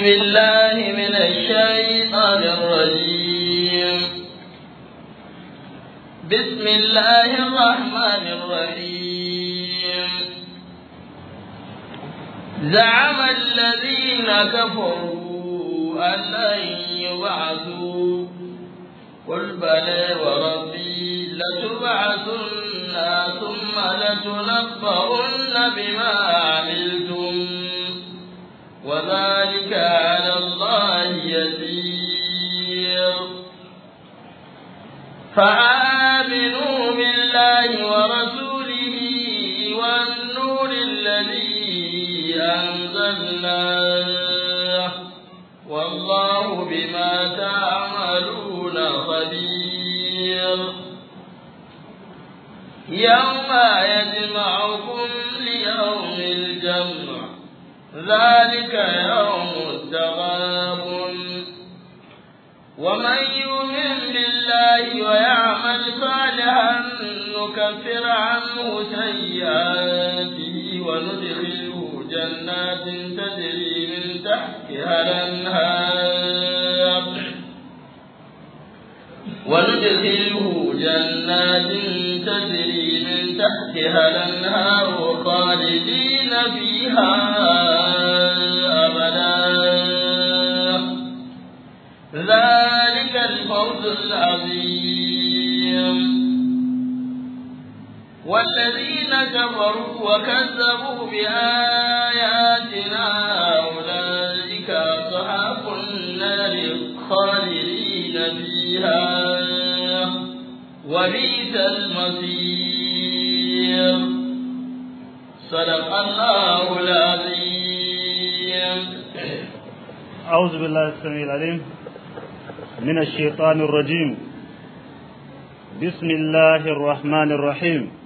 أعوذ بالله من الشيطان الرجيم بسم الله الرحمن الرحيم زعم الذين كفروا أن لن يبعثوا قل بلى وربي لتبعثن ثم لتنبؤن بما عملتم وما فآمنوا بالله ورسوله والنور الذي أنزلناه والله بما تعملون خبير يوم يجمعكم ليوم الجمع ذلك يوم التغابن ومن يؤمن بالله ويعمل صالحا نكفر عنه سيئاته وندخله جنات تجري من تحتها الانهار وندخله جنات تجري من تحتها الانهار خالدين فيها والذين كفروا وكذبوا بآياتنا أولئك أصحاب النار خالدين فيها وبئس المصير صدق الله العظيم أعوذ بالله السميع العليم من الشيطان الرجيم بسم الله الرحمن الرحيم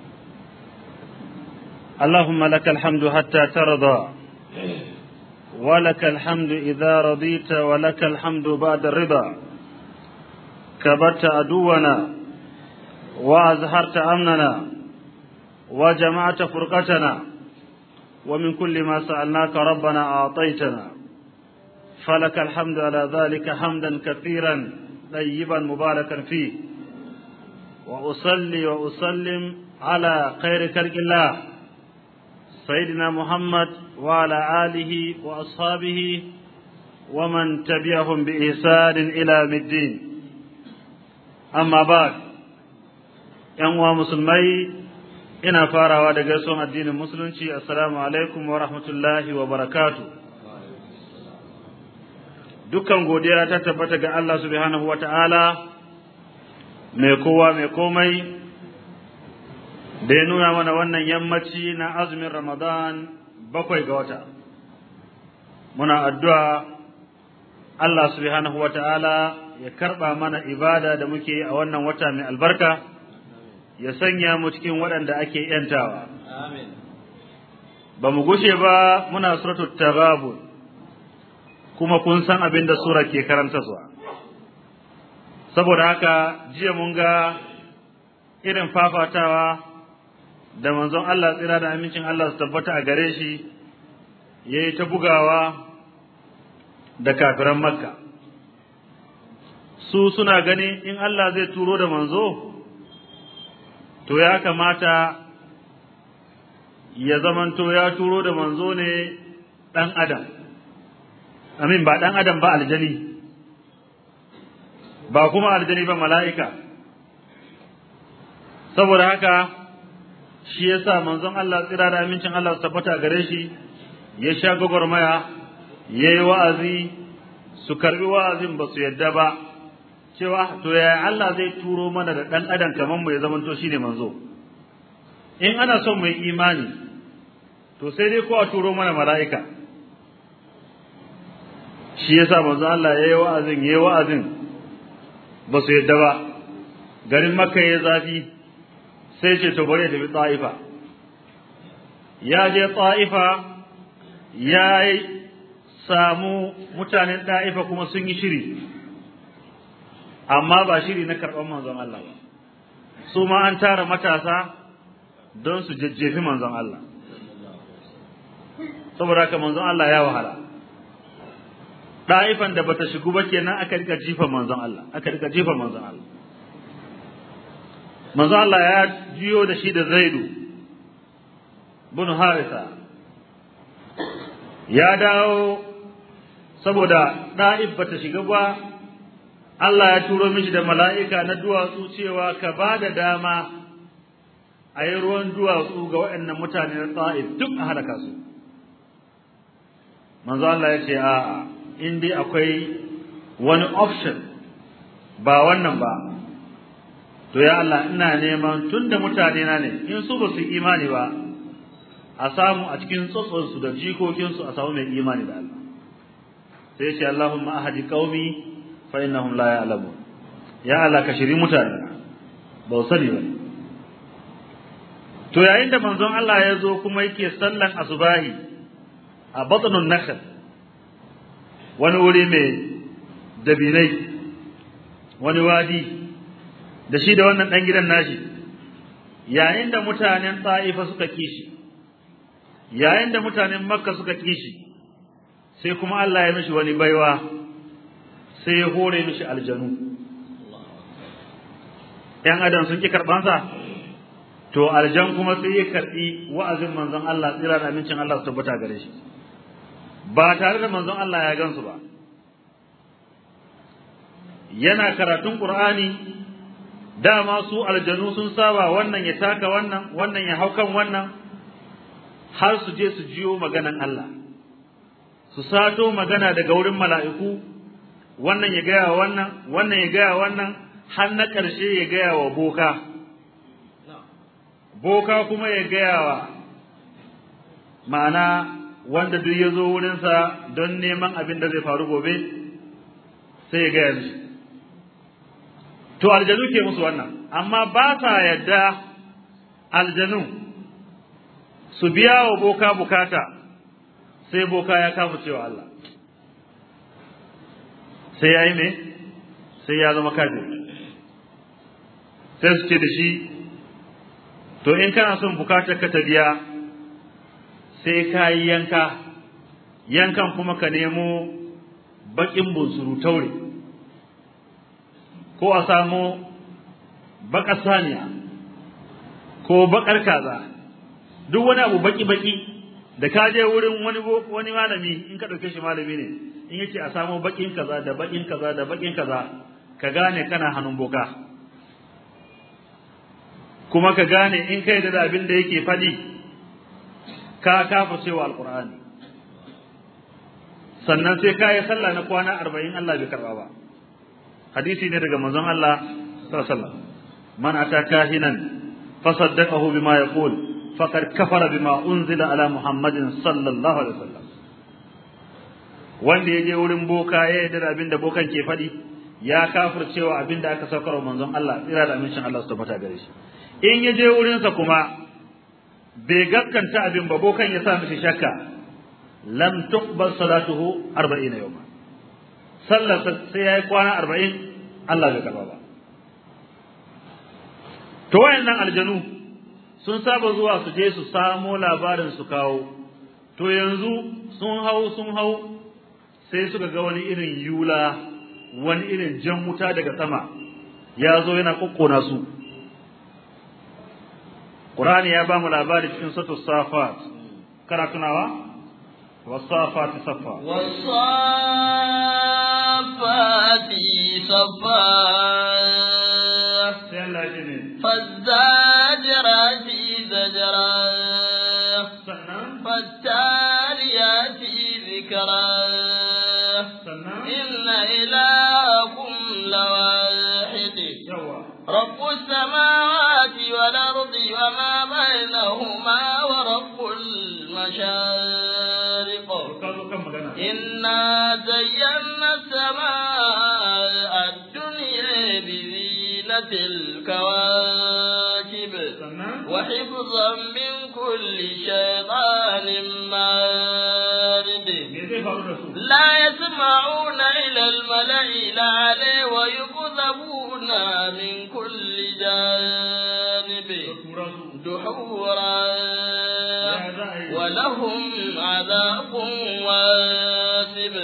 اللهم لك الحمد حتى ترضى ولك الحمد إذا رضيت ولك الحمد بعد الرضا كبت عدونا وأزهرت أمننا وجمعت فرقتنا ومن كل ما سألناك ربنا أعطيتنا فلك الحمد على ذلك حمدا كثيرا طيبا مباركا فيه وأصلي وأسلم على خير خلق الله سيدنا محمد وعلى آله وأصحابه ومن تبعهم بإحسان إلى الدين أما بعد ‘yan musulmai ina farawa da gaisuwan addinin musulunci assalamu alaikum wa rahmatullahi wa barakatu dukkan godiya ta tabbata ga Allah subhanahu wa ta'ala mai kowa mai komai da ya nuna mana wannan yammaci na azumin Ramadan bakwai ga wata. Muna addu'a Allah subhanahu wa ta'ala ya karɓa mana ibada da muke a wannan wata mai albarka, ya sanya mu cikin waɗanda ake ‘yantawa. Ba mu gushe ba muna suratul tagabun, kuma kun san abin da sura ke karanta zuwa. Saboda haka jiya mun ga irin fafatawa da manzon Allah tsira da amincin Allah su tabbata a gare shi yayi ta bugawa da kafiran Makka su suna gani in Allah zai turo da manzo to ya kamata ya zamanto ya turo da manzo ne dan adam amin ba dan adam ba aljani ba kuma aljani ba mala'ika saboda haka shi yasa manzon Allah tsira da amincin Allah tabbata gare shi ya sha gwagwarmaya yayi wa'azi su karbi wa'azin ba su yadda ba cewa to ya Allah zai turo mana da dan adam kaman mu ya to shine manzo in ana son mu imani to sai dai ko a turo mana mala'ika shi yasa manzo Allah yayi wa'azin yayi wa'azin ba su yadda ba garin makka ya zafi sai ce to bari ya tafi ta'ifa ya je ta'ifa ya samu mutanen ta'ifa kuma sun yi shiri amma ba shiri na karban manzon Allah ba su ma an tara matasa don su jajjefi manzon Allah saboda haka manzon Allah ya wahala taifan da bata shigu ba kenan aka rika jifa manzon Allah aka rika jifa manzon Allah manzo Allah ya jiyo da shi da Zaidu bin Haritha ya dawo saboda Da'if bata shiga ba Allah ya turo mishi da mala'ika na duwatsu cewa ka ba da dama ayi yi ruwan duwatsu ga waɗannan mutane na Ta'if duk a halaka su manzo Allah ya ce a'a in dai akwai wani option ba wannan ba to ya Allah ina neman tunda mutane na ne in su ba su imani ba a samu a cikin tsotson su da jikokin su a samu mai imani da Allah sai ce Allahumma ahdi qaumi fa innahum la ya'lamu ya Allah ka shiri mutane ba sani ba to yayin da manzon Allah ya zo kuma yake sallan asubahi a batnun nakhl wani wuri mai dabinai wani wadi da shi da wannan dan gidan nashi yayin da mutanen Taifa suka kishi yayin da mutanen Makka suka kishi sai kuma Allah ya mishi wani baiwa sai ya hore mishi aljanu ‘yan adam sun ki sa? to aljan kuma sai ya karɓi wa'azin manzon Allah tsira da amincin Allah su tabbata gare shi ba tare da manzon Allah ya gansu ba yana karatun Qur'ani dama su aljanu sun saba wannan ya taka wannan wannan ya haukan wannan har su je su jiyo maganan Allah su sato magana daga wurin mala'iku wannan ya gaya wannan wannan ya gaya wannan har na ƙarshe ya gaya wa boka boka kuma ya gaya wa ma'ana wanda duk ya zo wurinsa don neman abin da zai faru gobe sai ya gaya shi to aljanu ke musu wannan amma ba sa yadda aljanu su biya wa boka bukata sai boka ya kama cewa Allah sai ya yi ne sai ya zama kafiri sai su ce da shi to in kana son bukatar ka ta biya sai ka yi yanka yankan kuma ka nemo bakin bunsuru taure ko a samu bakar saniya ko bakar kaza duk wani abu baki baki da ka je wurin wani wani malami in ka dauke shi malami ne in yace a samu bakin kaza da bakin kaza da bakin kaza ka gane kana hannun boka kuma ka gane in kai da abin da yake fadi ka kafa cewa alqur'ani sannan sai ka yi sallah na kwana 40 Allah bai karba ba hadisi ne daga manzon Allah sallallahu man ata kahinan fasaddaqahu bima yaqul faqad kafara bima unzila ala muhammadin sallallahu alaihi wasallam wanda ya je wurin boka ya yarda da abin da bokan ke faɗi ya kafircewa abin da aka saukar manzon Allah tsira da amincin Allah su tabbata gare shi in ya je wurinsa kuma bai gaskanta abin ba bokan ya sa mishi shakka lam tuqbal salatuhu 40 yawma sallar sai yayi kwana 40 Allah bai karba ba to wayannan aljanu sun saba zuwa su je su samo labarin su kawo to yanzu sun hau sun hau sai suka ga wani irin yula wani irin jan wuta daga sama ya zo yana kokkona su Qur'ani ya ba mu labari cikin suratul safat kana tunawa wasafat safa wasafat صبحتي صبا فازداد حفظا من كل شيطان مارد لا يسمعون إلى الملأ الأعلى ويكذبون من كل جانب دحورا ولهم عذاب واسب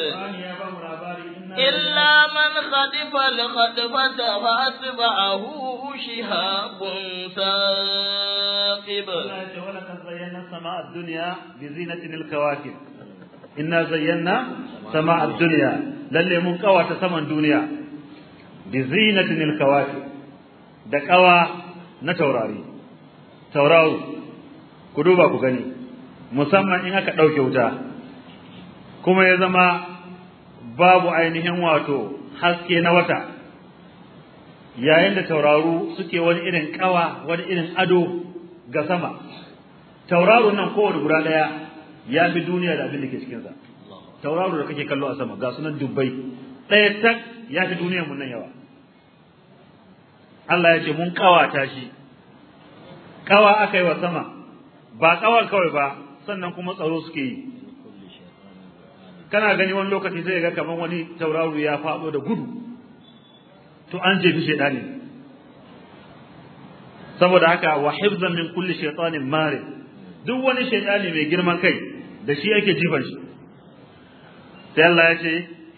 إلا من خطف الخطفة فأتبعه شهاب ثاب inna zayyana sama'a dunya zayyana dunya lalle mun kawata saman duniya bi zinatin al kawaki da kawa na taurari taurau ku duba ku gani musamman in aka dauke wuta kuma ya zama babu ainihin wato haske na wata yayin da tauraru suke wani irin kawa wani irin ado ga sama tauraro nan kowane guda daya ya bi duniya da abin da ke cikin sa tauraro da kake kallo a sama ga sunan dubbai ɗaya tak ya fi duniyar mun nan yawa Allah ya ce mun kawata shi kawa aka yi wa sama ba kawar kawai ba sannan kuma tsaro suke yi kana gani wani lokaci zai ga kamar wani tauraro ya faɗo da gudu to an jefi shedani ne saboda haka wa hifzan min kulli shaytanin marid duk wani shaytani mai girman kai da shi ake jifan shi sai Allah ya ce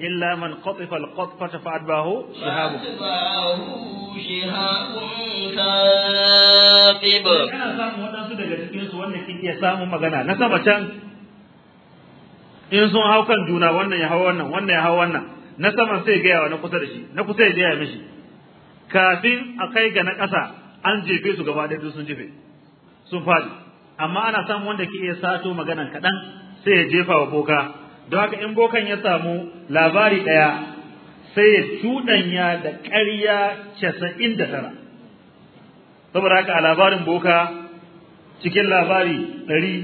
illa man qatifa al-qatfata fa adbahu shihabu kaqib kana samu wadansu daga cikinsu su wanda kike samu magana na sama can in sun hau kan juna wannan ya hau wannan wannan ya hau wannan na sama sai gaya wa na kusa da shi na kusa ya ga mishi kafin a kai ga na ƙasa an jefe su gaba ɗaya sun jefe sun faɗi amma ana samun wanda ke iya sato maganan kaɗan sai ya jefa wa boka don haka in bokan ya samu labari ɗaya sai ya cuɗanya da ƙarya casa'in da tara saboda haka a labarin boka cikin labari ɗari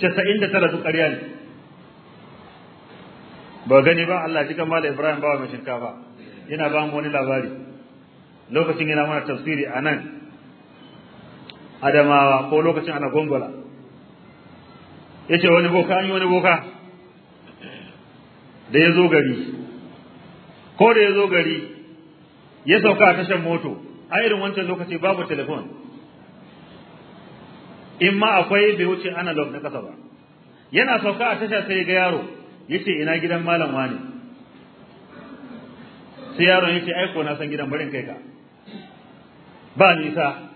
casa'in da tara su ƙarya ne ba gani ba Allah ji kan da Ibrahim bawa mai shinkafa yana ba mu wani labari lokacin yana mana tafsiri a nan adamawa ko lokacin ana gongola yace wani boka an wani boka da ya gari ko da ya gari ya sauka a tashar moto a irin wancan lokaci babu telefon in ma akwai bai wuce analog na kasa ba yana sauka a tasha sai ga yaro yace ina gidan malam wani sai yaron yace aiko aiko na san gidan barin kai ka ba nisa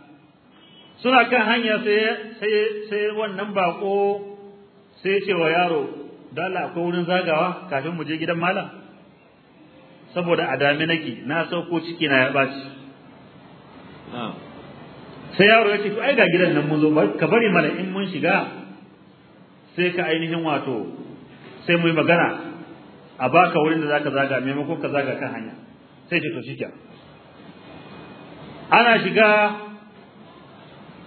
suna kan hanya sai wannan bako sai ce wa yaro dala akwai wurin zagawa kafin mu je gidan malam saboda a dame nake na sauko ciki na ya baci sai yaro ya ce to ai ga gidan nan mun zo ka bari mana in mun shiga sai ka ainihin wato sai mu yi magana a baka wurin da zaka zaga maimakon ka zaga kan hanya sai ce to shikenan ana shiga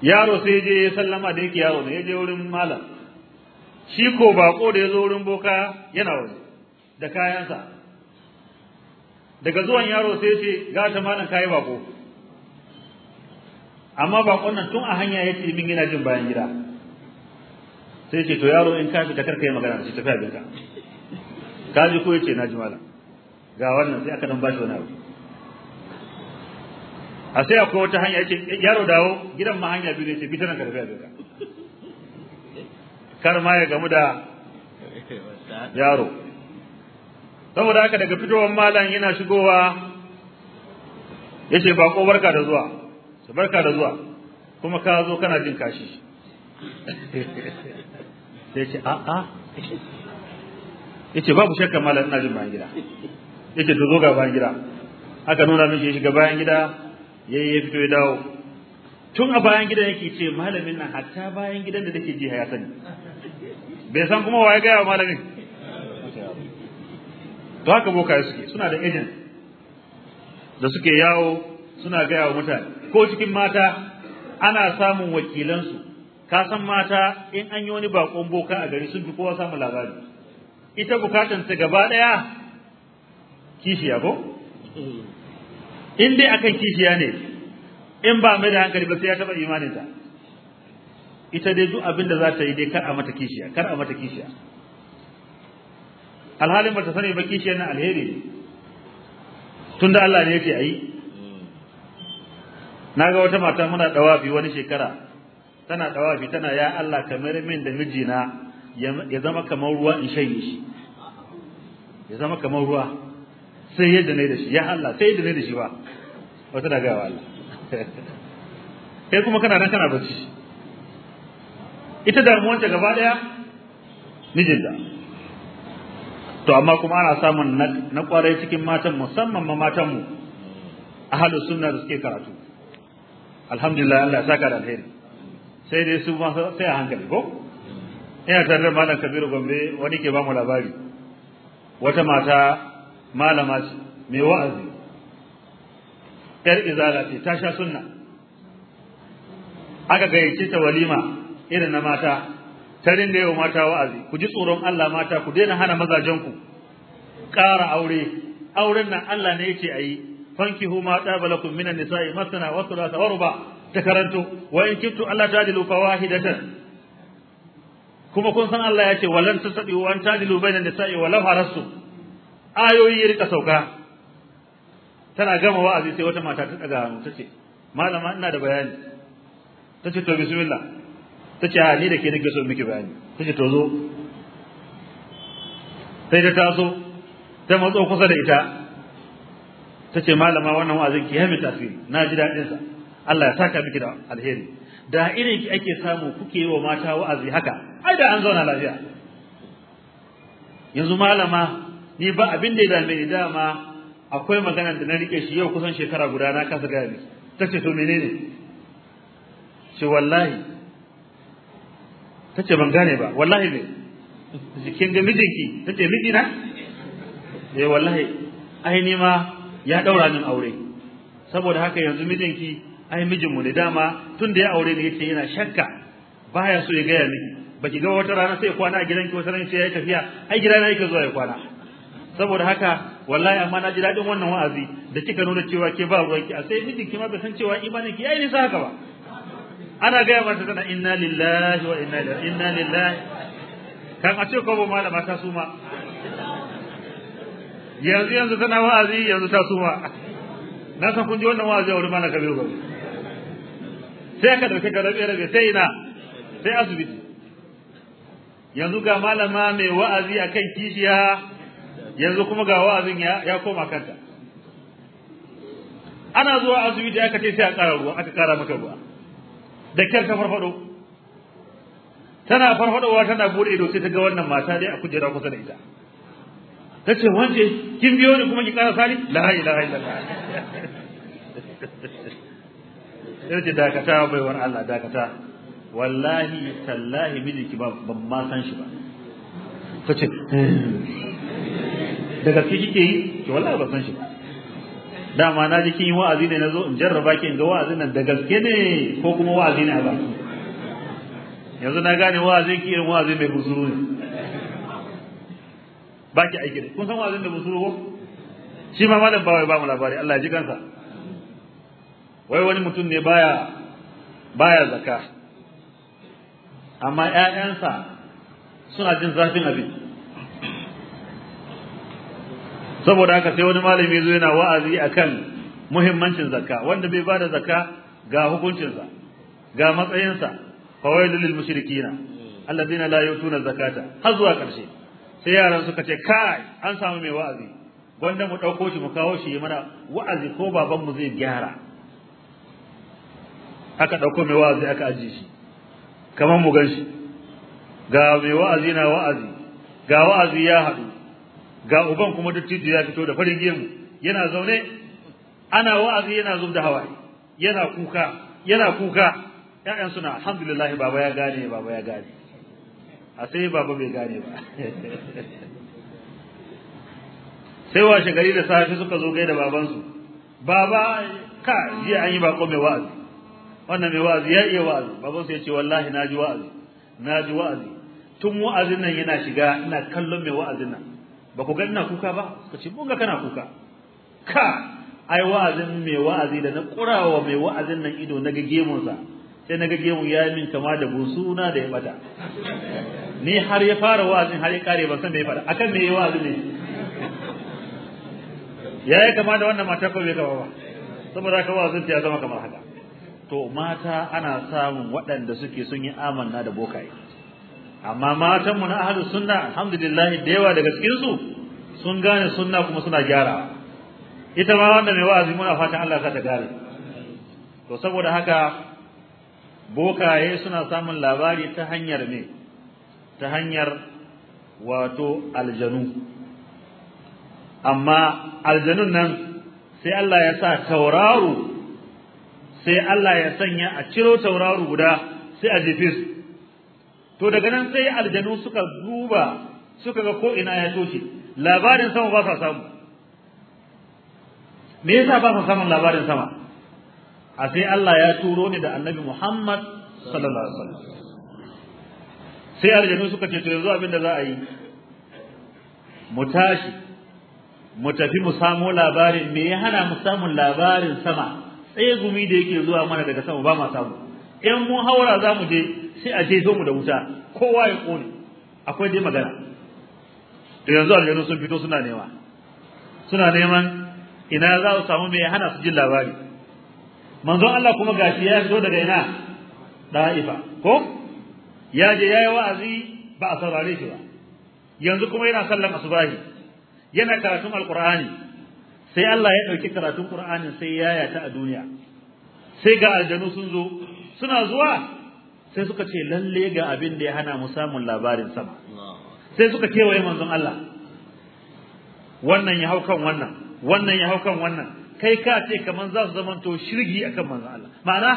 yaro sai je ya sallama da yake yaro ne ya je wurin malam shi ko bako da ya zo wurin boka yana waje da kayansa daga zuwan yaro sai ce ga ta malam kai bako amma bakon nan tun a hanya ya ce min yana jin bayan gida sai ce to yaro in ka fita karka yi magana shi tafi abinka ka ji ko yace na ji malam ga wannan sai aka dan bashi wani abu a sai akwai wata hanya ce yaro dawo gidan ma hanya biyu ne ce bitanan karfi a duka kar ma ya gamu da yaro saboda haka daga fitowar malam yana shigowa Ya ce ba ko barka da zuwa su barka da zuwa kuma ka zo kana jin kashi sai ce a a ce babu shakka malam ina jin bayan gida ce to zo ga bayan gida aka nuna shi shiga bayan gida yayi ya fito ya dawo tun a bayan gidan yake ce malamin nan hatta bayan gidan da take ji ya sani bai san kuma waye ga malamin to haka boka suke suna da agent da suke yawo suna ga yawo mutane ko cikin mata ana samun wakilansu ka san mata in an yi wani bakon boka a gari sun fi kowa samu labari ita bukatan ta gaba daya kishi ko in dai akan kishiya ne in ba mai da hankali ba sai ya taba imanin ta ita dai duk abin da za ta yi dai kar a mata kishiya kar a mata kishiya alhalin ba ta sani ba kishiyar na alheri ne tunda Allah ne yake ayi ga wata mata muna dawafi wani shekara tana dawafi tana ya Allah kamar min da mijina ya zama kamar ruwa in shanye shi ya zama kamar ruwa sai yadda ne da shi ya Allah sai yadda ne da shi ba wata na gaya wa Allah kai kuma kana nan kana bacci ita damuwanta gaba daya mijinta to amma kuma ana samun na kwarai cikin matan musamman ma matan mu ahlus sunna da suke karatu alhamdulillah Allah ya saka da alheri sai dai su ma sai a hankali ko ina tare da malam Kabiru Gombe wani ke ba mu labari wata mata malama ce mai wa'azi yar izala ce ta sha sunna aka gayyace ta walima irin na mata ta ringa yau mata wa'azi ku ji tsoron Allah mata ku daina hana mazajenku. ƙara aure auren nan Allah ne yake yi. Fanki, huma, daba lakum minan nisa'i masana, wasu rasa, wa ta karanto wa in kintu Allah ta tadilu fawahidatan kuma kun san Allah ya ce walan sabi wa an tadilu bainan nisa'i wa law harastu ayoyi ya rika sauka tana gama wa'azi sai wata mata ta daga hannu tace malama ina da bayani tace to bismillah tace a ni da ke nake so miki bayani tace to zo sai ta taso ta matso kusa da ita tace malama wannan wa'azin ki yami tasiri na ji dadin sa Allah ya saka miki da alheri da irin ki ake samu kuke yi wa mata wa'azi haka ai da an zauna lafiya yanzu malama ni ba abin da ya dame ni dama akwai magana da na rike shi yau kusan shekara guda na kasa gaya ni tace to menene ce wallahi tace ban gane ba wallahi ne jikin ga mijinki tace miji na eh wallahi ai ni ma ya daura min aure saboda haka yanzu mijinki ai mijinmu ne dama tun da ya aure ne yake yana shakka baya so ya gaya ni. baki ga wata rana sai kwana a gidanki wata rana sai ya tafiya ai gidana yake zuwa ya kwana saboda haka wallahi amma na ji dadin wannan wa'azi da kika nuna cewa ke ba ruwanki a sai mijin ki ma bai san cewa imanin ki yayi nisa haka ba ana ga mata tana inna lillahi wa inna ilaihi inna lillahi kan ace ko ba malama ta suma yanzu yanzu tana wa'azi yanzu ta suma na san kun ji wannan wa'azi a wurin mana kabiru ba sai ka dauke ka rabe rabe sai ina sai asibiti yanzu ga malama mai wa'azi akan kishiya yanzu kuma ga wa'azin ya ya koma kanta ana zuwa asibiti aka ce sai a ƙara ruwa aka ƙara maka ruwa da kyar ta farfado tana farfadowa tana bude ido sai ta ga wannan mata dai a kujera kusa da ita tace wance kin biyo ni kuma ki ƙara sali la ilaha illallah sai ce dakata bai wani Allah dakata wallahi tallahi mijinki ba ban ma san shi ba ce. Eh. da gaske kike yi to wallahi ba san shi ba dama na ji kin yi wa'azi ne nazo in jarraba ki in ga wa'azin nan da gaske ne ko kuma wa'azi ne a yanzu na gane wa'azi ki irin wa'azi mai busuru ne ba ki aiki da kun san wa'azin da busuru ko shi ma malam wai ba mu labari Allah ya ji kansa wai wani mutum ne baya baya zakka amma ƴaƴansa suna jin zafin abin saboda haka sai wani malami zo yana wa'azi akan muhimmancin zakka wanda bai bada zakka ga hukuncinsa ga matsayinsa fawailul lil mushrikina alladheena la yutuna zakata har zuwa karshe sai yaran suka ce kai an samu mai wa'azi gwanda mu dauko shi mu kawo shi mana wa'azi ko baban mu zai gyara aka dauko mai wa'azi aka aje shi kamar mu gan ga mai wa'azi na wa'azi ga wa'azi ya haɗu ga uban kuma duk titi ya fito da farin gemu yana zaune ana wa'azi yana zub da hawa yana kuka yana kuka ƴaƴan suna alhamdulillah baba ya gane baba ya gane a sai baba bai gane ba sai washe gari da safe suka zo gaida babansu baba ka jiya an yi bako mai wa'azi wannan mai wa'azi ya iya wa'azi sai ya ce wallahi na ji wa'azi na ji wa'azi tun wa'azin nan yana shiga ina kallon mai wa'azin nan ba ku gani na kuka ba suka ce mun ga kana kuka ka ai wa'azin mai wa'azi da na kurawa mai wa'azin nan ido na gage mun sa sai na gage mun yayi min kama da busuna da ya bata ni har ya fara wa'azin har ya kare ban san me ya fara akan me ya wa'azi ne Ya yi kama da wannan mata ko bai kama ba saboda ka wa'azin ta ya zama kamar haka to mata ana samun waɗanda suke sun yi amanna da bokaye amma matanmu na ahli sunna alhamdulillah da yawa daga cikin su sun gane sunna kuma suna gyara ita ma wanda mai wa'azi muna fatan Allah ka ta gare, to saboda haka bokaye suna samun labari ta hanyar ne ta hanyar wato aljanu amma aljanun nan sai Allah ya sa tauraro sai Allah ya sanya a ciro tauraro guda sai a jefe su to daga nan sai aljanu suka duba suka ga ko ina ya toshe labarin sama ba sa samu me yasa ba sa samun labarin sama a sai Allah ya turo ni da Annabi Muhammad sallallahu alaihi wasallam sai aljanu suka ce to yanzu abin da za a yi mu tashi mu tafi mu samu labarin me ya hana mu samun labarin sama gumi da yake zuwa mana daga sama ba ma samu in mun haura za mu je sai a je zo mu da wuta kowa ya kone akwai dai magana to yanzu aljanu sun fito suna nema suna neman ina za su samu mai hana su jin labari manzon Allah kuma gashi ya fito daga ina da'ifa ko ya je yayi wa'azi ba a saurare shi ba yanzu kuma yana sallan asubahi yana karatun alqur'ani sai Allah ya dauki karatun qur'anin sai ya yata a duniya sai ga aljanu sun zo suna zuwa sai suka ce lalle ga abin da ya hana mu samun labarin sama sai suka kewaye manzon Allah wannan ya kan wannan wannan ya kan wannan kai ka ce kaman za su zamanto shirgi akan manzon Allah ma'ana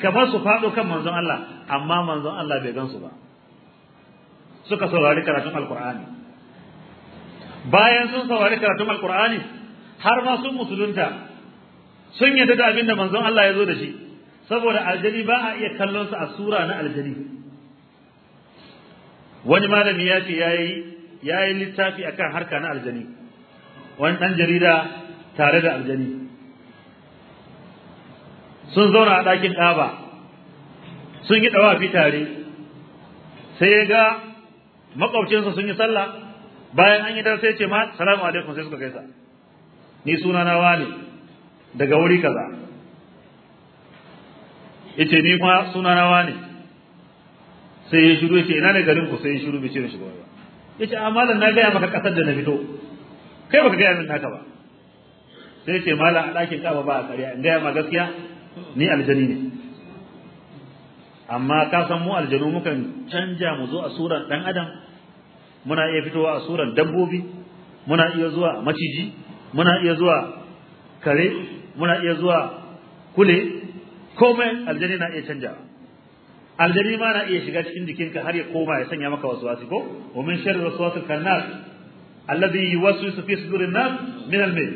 kamar su faɗo kan manzon Allah amma manzon Allah bai gansu ba suka saurari karatun alkur'ani bayan sun saurari karatun alkur'ani har ma sun musulunta sun yadda da abin da manzon Allah ya zo da shi saboda aljani ba a iya kallon su a sura na aljani wani malami ya ce yayi yayi littafi akan harka na aljani wani dan jarida tare da aljani sun zauna a ɗakin ɗaba sun yi ɗawafi tare sai ya ga makwabcinsa sun yi sallah bayan an yi dar sai ce ma salamu alaikum sai suka kai sa. ni suna na wani daga wuri kaza yace ni kuma suna nawa ne sai ya shiru yace ina ne garin ku sai ya shiru bai ce mishi ba yace a ah, malam na gaya maka kasar da na fito kai baka gaya min naka ba sai yace malam a dakin kaba ba a kariya in gaya ma gaskiya ni aljani ne amma ka san mu aljanu mukan canja mu zo a suran dan adam muna iya fitowa a suran dabbobi muna iya zuwa maciji muna iya zuwa kare muna iya zuwa kule komai aljani na iya canja, aljani ma na iya shiga cikin jikinka har ya koma ya sanya maka wasu wasu, ko wa min sharri waswasil khannas alladhi yuwaswisu fi sudurin nas min al-mayl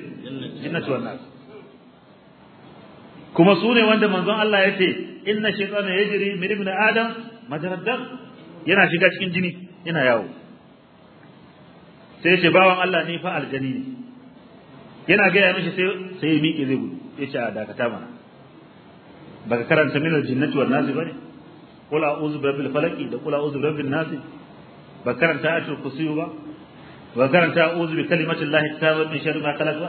jinnatu wan nas kuma sune wanda manzon Allah yace inna shaytana yajri min ibn adam majarad yana shiga cikin jini yana yawo sai ce bawan Allah ne fa aljani ne yana ga ya mishi sai sai miƙe zai gudu yace a dakata mana baka karanta minal jinnati wan nasi bane qul a'udhu birabbil falaq da qul a'udhu birabbin nas ba karanta ayatul kursi ba ba karanta a'udhu bi kalimatillahi tammati min sharri ma khalaq ba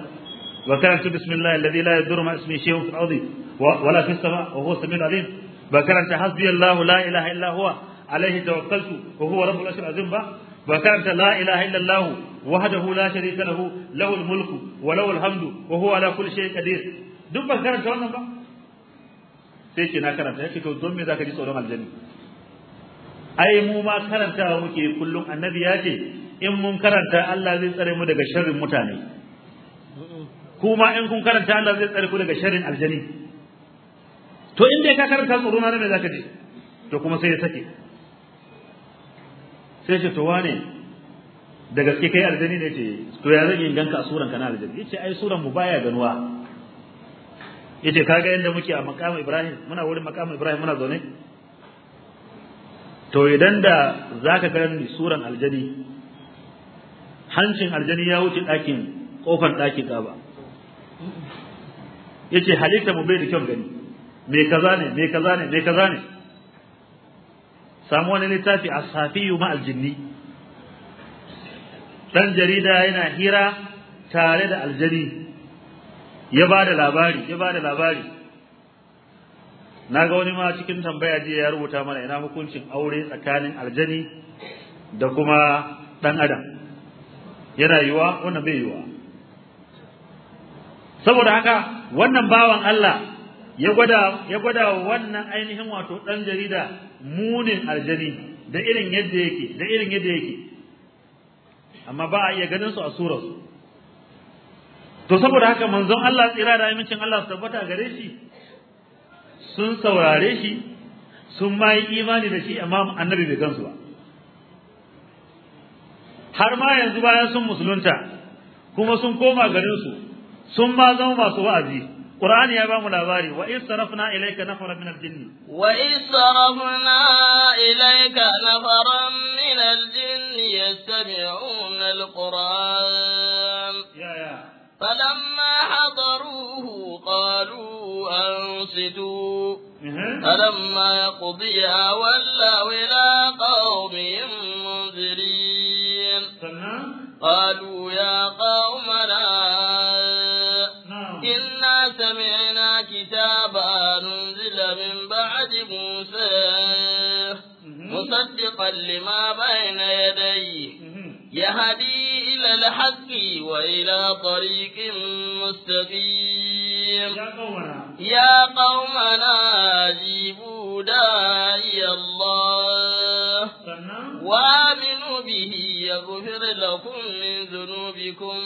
wa karanta bismillahi alladhi la yadurru ma ismihi shay'un fil ardi wa la fis sama wa huwa samiul alim ba karanta hasbiyallahu la ilaha illa huwa alayhi tawakkaltu wa huwa rabbul arshil azim ba ba karanta la ilaha illa allah wahdahu la sharika lahu lahul mulku wa lahul hamdu wa huwa ala kulli shay'in qadir duk ba karanta wannan ba sai ce na karanta yake to don me zaka ji tsoron aljanna ai mu ma karantawa muke kullum annabi ya ce in mun karanta Allah zai tsare mu daga sharrin mutane kuma in kun karanta Allah zai tsare ku daga sharrin aljani to in dai ka karanta tsoron na ne zaka ji to kuma sai ya sake sai ce to wane da gaske kai aljani ne ce to ya zan yin ganka a suran kana aljani yace ai suran mu baya ganuwa yace kaga yanda muke a makamu Ibrahim muna wurin makamu Ibrahim muna zaune to idan da zaka karanta suran aljani hancin aljani ya wuce ɗakin kofar ɗakin Kaaba yace halitta mu bai da kyau gani me kaza ne me kaza ne me kaza ne samu wani littafi asafi ma aljinni dan jarida yana hira tare da aljani ya ba da labari ya ba labari na ga wani ma cikin tambaya jiya ya rubuta mana ina hukuncin aure tsakanin aljani da kuma ɗan adam yana yiwa wannan bai yiwa saboda haka wannan bawan Allah ya gwada ya gwada wannan ainihin wato ɗan jarida munin aljani da irin yadda yake da irin yadda yake amma ba a iya ganin su a su. to saboda haka manzon Allah tsira da amincin Allah su tabbata gare shi sun saurare shi sun mai imani da shi amma annabi bai gansu ba har ma yanzu bayan sun musulunta kuma sun koma garin su sun ma zama masu wa'azi Qur'ani ya bamu labari wa in sarafna ilayka nafaran min al-jinn wa in sarafna ilayka nafaran min al-jinn yastami'una al-Qur'an ya ya فلما حضروه قالوا أنصتوا فلما يقضيها ولوا إلى قومهم منذرين قالوا يا قومنا نعم. إنا سمعنا كتابا ننزل من بعد موسى مصدقا لما بين يديه يهدي إلى الحق وإلى طريق مستقيم يا قومنا أجيبوا داعي الله وآمنوا به يغفر لكم من ذنوبكم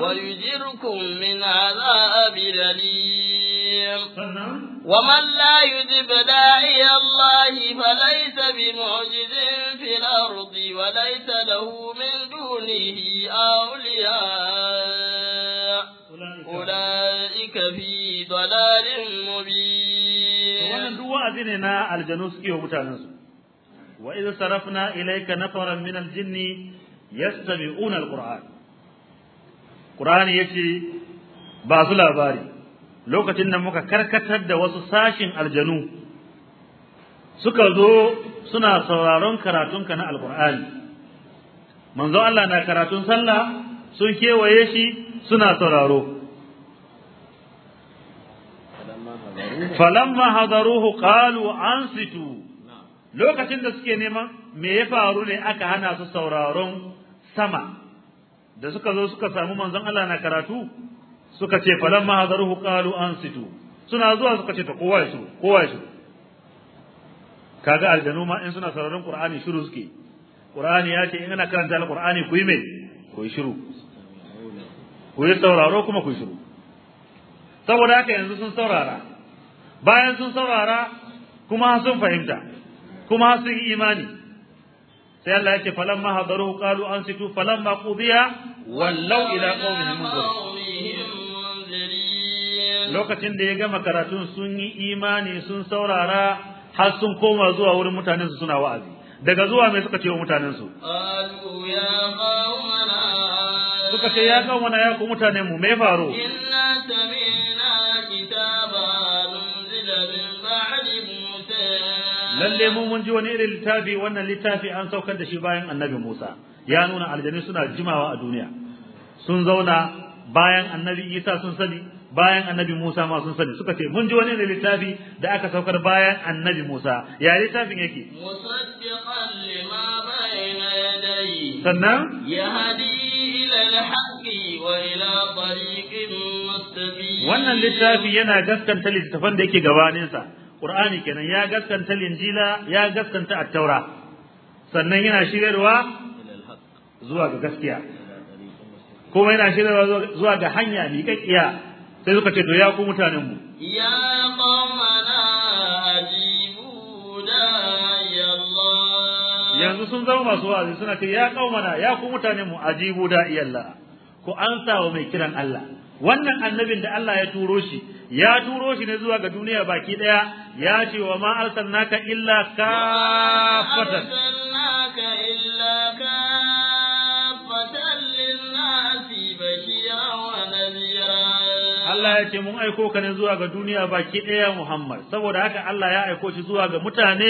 ويجركم من عذاب أليم ومن لا يجب داعي الله فليس بمعجز في الأرض وليس له من دونه أولياء أولئك في ضلال مبين wannan duk wa'azi ne na aljanu suke wa mutanensu wa idh sarafna ilayka nafaran min aljinni ba su labari lokacin da muka karkatar da wasu sashin aljanu suka zo suna sauraron karatunka na alqur'ani manzo Allah na karatun sallah sun kewaye shi suna sauraro falamma hadaruhu qalu ansitu lokacin da suke nema me ya faru ne aka hana su sauraron sama da suka zo suka samu manzon Allah na karatu suka ce falamma hukalu an situ. suna zuwa suka ce ta kowa ya shiru kowa ya shiru kaga aljanu ma in suna sararin qur'ani shiru suke qur'ani ya ce in ana karanta alqur'ani ku yi me ku yi shiru ku yi sauraro kuma ku yi shiru saboda haka yanzu sun saurara bayan sun saurara kuma sun fahimta kuma sun yi imani sai Allah yake falamma hadaruhu qalu ansitu falamma qudiya wallau ila mun munzir lokacin da ya gama karatun sun yi imani sun saurara har sun koma zuwa wurin mutanen su suna wa'azi daga zuwa mai suka ce wa mutanen su suka ce ya kawo mana ya ku mutanen mu me faru lalle mu mun ji wani irin littafi wannan littafi an saukar da shi bayan annabi Musa ya nuna aljanu suna jimawa a duniya sun zauna bayan annabi Isa sun sani bayan annabi Musa ma sun sani suka ce mun ji wani ne littafi da aka saukar bayan annabi Musa ya littafin yake musaddiqan lima bayna yadayhi sannan yahdi ila al wa ila tariqin mustaqim wannan littafi yana gaskanta littafin da yake gabanin sa Qur'ani kenan ya gaskanta Injila ya gaskanta At-Taura sannan yana shiryarwa zuwa ga gaskiya kuma yana shiryarwa zuwa ga hanya miƙaƙiya sai suka ce to ya ku mutanen mu ya qamana ajibu da yanzu sun zama masu wa'azi suna ce ya qamana ya ku mutanen mu ajibu da Allah ku ansa wa mai kiran Allah wannan annabin da Allah ya turo shi ya turo shi ne zuwa ga duniya baki daya ya ce wa ma arsalnaka illa kafatan Allah ya ce mun aiko ka ne zuwa ga duniya baki ɗaya Muhammad saboda haka Allah ya aiko shi zuwa ga mutane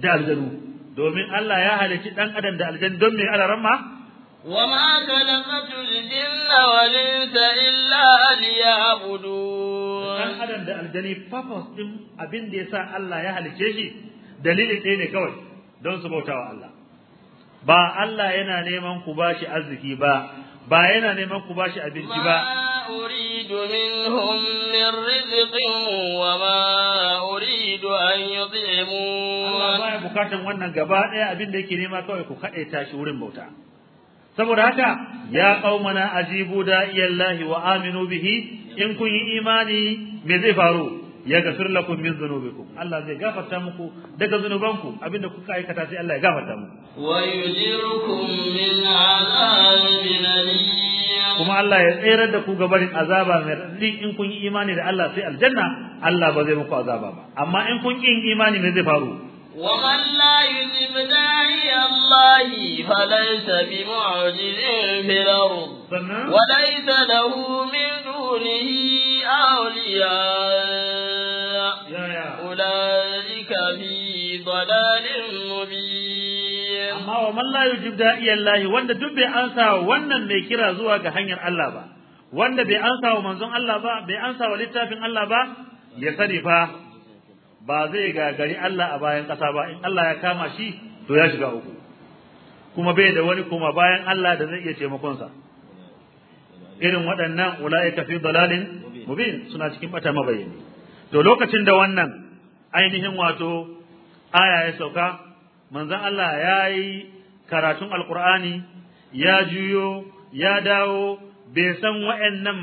da aljanu domin Allah ya halici dan adam da aljan don me ala ramma wama khalaqatul jinna wa insa illa liya'budun dan adam da aljani purpose din abin da yasa Allah ya halice shi dalili ɗaya ne kawai don su wa Allah ba Allah yana neman ku shi arziki ba ba yana neman ku shi abinci ba أريد منهم من رزق وما أريد أن يطعمون الله ما بكاتم wannan gaba daya abin da yake nema kawai ku kade tashi wurin bauta saboda haka ya qaumana ajibu da wa aminu bihi in kun yi imani me zai faru ya gafir lakum min dhunubikum Allah zai gafarta muku daga zunubanku abinda kuka aikata sai Allah ya gafarta muku wa yujirukum min azabin alim kuma Allah ya tsere da ku gabarin azaba mai radadi in kun yi imani da Allah sai aljanna Allah ba zai muku azaba ba amma in kun yi imani ne zai faru ومن لا يذب داعي الله فليس بمعجز في الأرض وليس له من دونه أولياء أولئك في ضلال مبين amma wa man la yujib Allah wanda duk bai ansa wannan mai kira zuwa ga hanyar Allah ba wanda bai ansa wa manzon Allah ba bai ansa wa littafin Allah ba ya sani fa ba zai gagari Allah a bayan kasa ba in Allah ya kama shi to ya shiga uku kuma bai da wani kuma bayan Allah da zai iya taimakon sa irin waɗannan ulaika fi dalalin mubin suna cikin bata mabayyin to lokacin da wannan ainihin wato aya ya sauka manzon Allah yayi karatun alqur'ani ya juyo ya dawo bai san wa'annan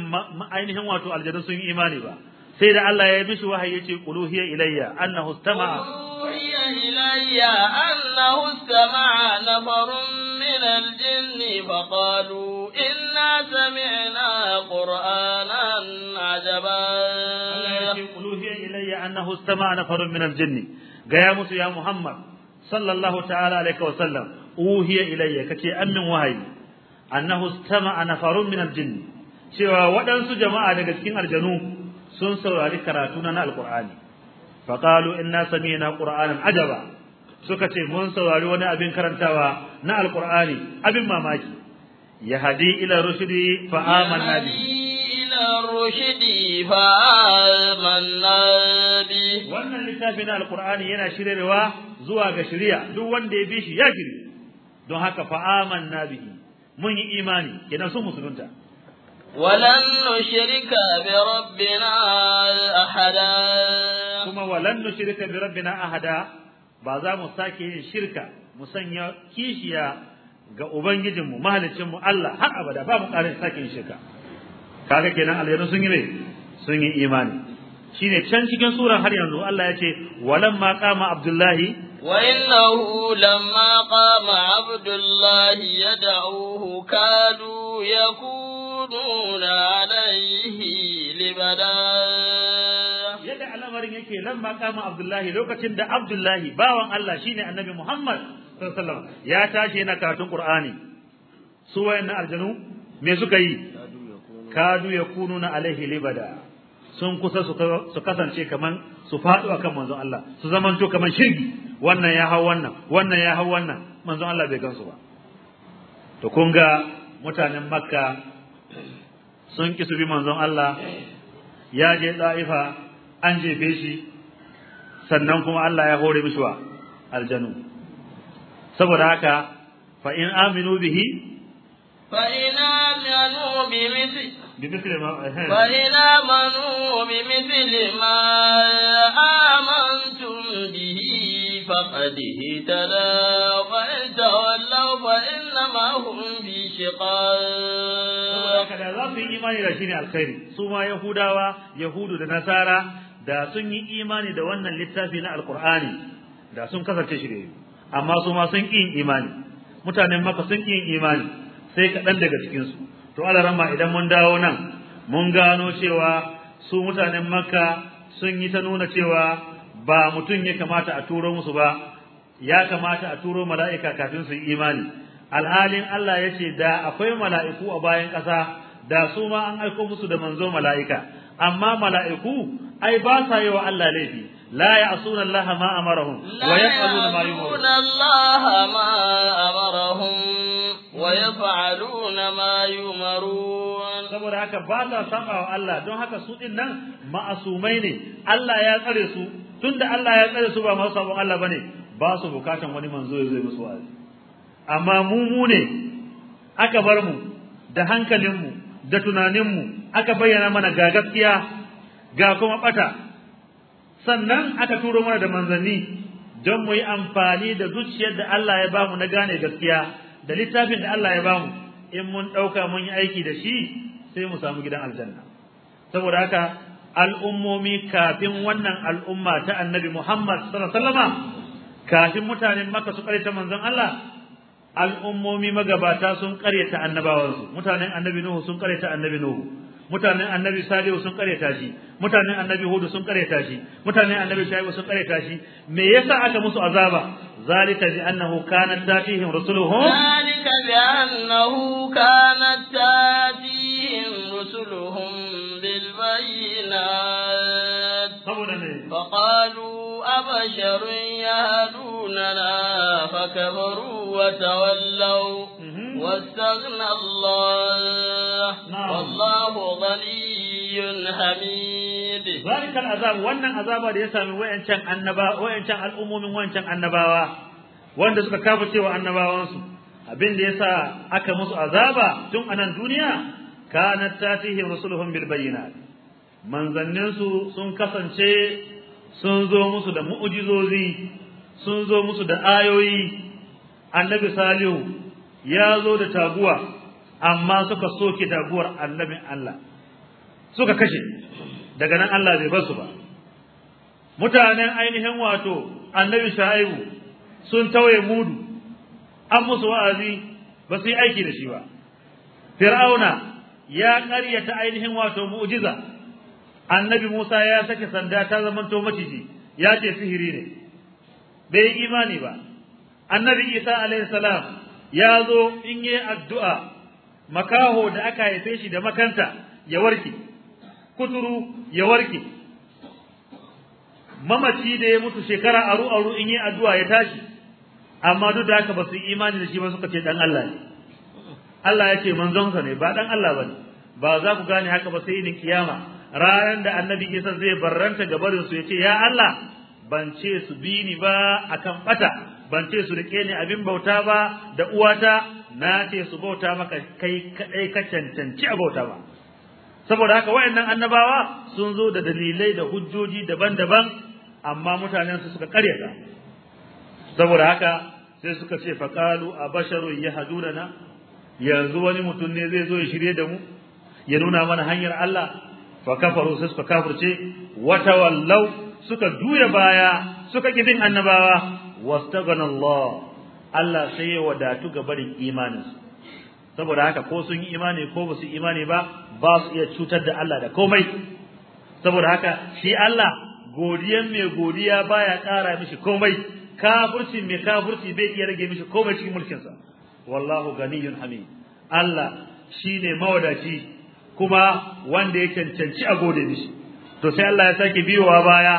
ainihin wato aljanu sun yi imani ba sai da Allah ya bishi wahayi yace quluhiya ilayya annahu istama'a quluhiya ilayya annahu istama'a nafarun min aljinni faqalu inna sami'na qur'anan ajaba Allah ya ce quluhiya ilayya annahu istama'a nafarun min aljinni gaya musu ya Muhammad sallallahu ta'ala alaihi wa sallam uhiya ilayya kace min wahayi annahu istama'a nafarun min al cewa waɗansu jama'a daga cikin aljanu sun saurari karatu na alqur'ani faqalu inna sami'na qur'anan ajaba suka ce mun saurari wani abin karantawa na alqur'ani abin mamaki yahdi ila rushdi fa amanna bihi الرشد فآمنا wannan littafin na alqur'ani yana shirewa zuwa ga shari'a duk wanda ya bi shi ya shiri don haka fa amanna bihi mun yi imani kenan sun musulunta ولن نشرك بربنا أحدا ثم ولن ba za mu sake yin shirka mu sanya kishiya ga ubangijinmu mahalicinmu Allah har abada ba mu ƙarin sake yin shirka kaga kenan alheri sun yi mai sun yi imani shine can cikin sura har yanzu Allah ya ce ma qama abdullahi wa innahu lamma qama abdullahi yad'uhu kadu yakuduna alayhi libada yadda al'amarin yake lamma qama abdullahi lokacin da abdullahi bawan Allah shine annabi Muhammad sallallahu alaihi wasallam ya tashi yana karatun Qur'ani su wayannan aljanu me suka yi kadu yakununa alaihi libada sun kusa su kasance kaman su fadu akan manzon Allah su zaman to kaman shirgi wannan ya hau wannan wannan ya hau wannan manzon Allah bai gansu ba to kun ga mutanen makka sun ki su bi manzon Allah ya je da'ifa an jefe shi sannan kuma Allah ya hore mishi wa aljanu saboda haka fa in aminu bihi fa in aminu bihi بمثل ما وإن آمنوا بمثل ما آمنتم به فقد اهتدى وإن تولوا فإنما هم في شقاق da za su yi imani da shi ne alkhairi yahudawa yahudu da nasara da sun yi imani da wannan littafi na alkur'ani da sun kasance shirye amma su ma sun ƙi imani mutanen maka sun ƙi imani sai kaɗan daga cikinsu to alarama idan mun dawo nan mun gano cewa su mutanen makka sun yi ta nuna cewa ba mutum ya kamata a turo musu ba ya kamata a turo mala'ika kafin su yi imani al'alin Allah ya ce da akwai mala'iku a bayan ƙasa da su ma an aiko musu da manzo mala'ika amma mala'iku ai ba sa yi wa Allah laifi la ya'suna Allah ma amarahum wa yaf'aluna ma yu'marun Allah ma amarahum wa ma yumarun saboda haka ba ta saba wa Allah don haka su din nan ma'asumai ne Allah ya tsare su tunda Allah ya tsare su ba masu sabon Allah bane ba su bukatan wani manzo ya zo musu wa'azi amma mu mu ne aka bar mu da hankalin mu da tunanin mu aka bayyana mana ga gaskiya ga kuma bata sannan aka turo mana da manzanni don mu yi amfani da zuciyar da Allah ya ba mu na gane gaskiya da littafin da Allah ya bamu in mun dauka mun yi aiki da shi sai mu samu gidan aljanna saboda haka al'ummomi kafin wannan al'umma ta annabi Muhammad sallallahu alaihi kafin mutanen Makka su ta manzon Allah al'ummomi magabata sun karyata annabawansu mutanen annabi Nuhu sun karyata annabi Nuhu mutanen annabi salihu sun kareta shi mutanen annabi hudu sun kareta shi mutanen annabi shaibu sun kareta shi me yasa aka musu azaba zalika bi annahu kanat tatihim rusuluhum zalika bi annahu kanat tatihim rusuluhum bil bayyinat saboda ne faqalu abasharun yahdunana fakabaru wa tawallaw واستغنى الله والله غني حميد ذلك العذاب wannan azaba da ya sami wayancan annaba wayancan al'ummomin wayancan annabawa wanda suka kafa cewa annabawan su abin da yasa aka musu azaba tun anan duniya kanat tatihi rusuluhum bil bayyinat manzannin su sun kasance sun zo musu da mu'jizozi sun zo musu da ayoyi annabi salihu ya zo da taguwa amma suka soke taguwar annabin Allah suka kashe daga nan Allah bai su ba mutanen ainihin wato annabi Shu'aibu sun tawaye mudu an musu wa'azi ba su yi aiki da shi ba Fir'auna ya ƙaryata ainihin wato mu'jiza annabi Musa ya sake sanda ta zamanto maciji ya ce sihiri ne bai yi imani ba annabi Isa alaihi salam ya zo in yi addu'a makaho da aka haife shi da makanta ya warke kuturu ya warke mamaci da ya mutu shekara aru aru in yi addu'a ya tashi amma duk da haka ba su imani da shi ba suka ce dan Allah ne Allah ya ce manzonsa ne ba dan Allah bane ba za ku gane haka ba sai ni kiyama ranar da annabi Isa zai barranta gabarin su ce ya Allah ban ce su bi ni ba akan ɓata. ban ce su rike ni abin bauta ba da uwata na ce su bauta maka kai kadai ka cancanci a bauta ba saboda haka wayannan annabawa sun zo da dalilai da hujjoji daban-daban amma mutanen su suka karyata saboda haka sai suka ce faqalu abasharun yahdurana yanzu wani mutum ne zai zo ya shirye da mu ya nuna mana hanyar Allah fa kafaru sai suka kafirce wata wallau suka juya baya suka kidin annabawa wastagana Allah Allah sai ya wadatu ga barin imaninsu saboda haka ko sun yi imani ko ba su imani ba ba su iya cutar da Allah da komai saboda haka shi Allah godiyan mai godiya baya kara mishi komai kafirci mai kafirci bai iya rage mishi komai cikin mulkin sa wallahu ganiyun hamid Allah shine mawadaci kuma wanda ya cancanci a gode mishi to sai Allah ya sake biyowa baya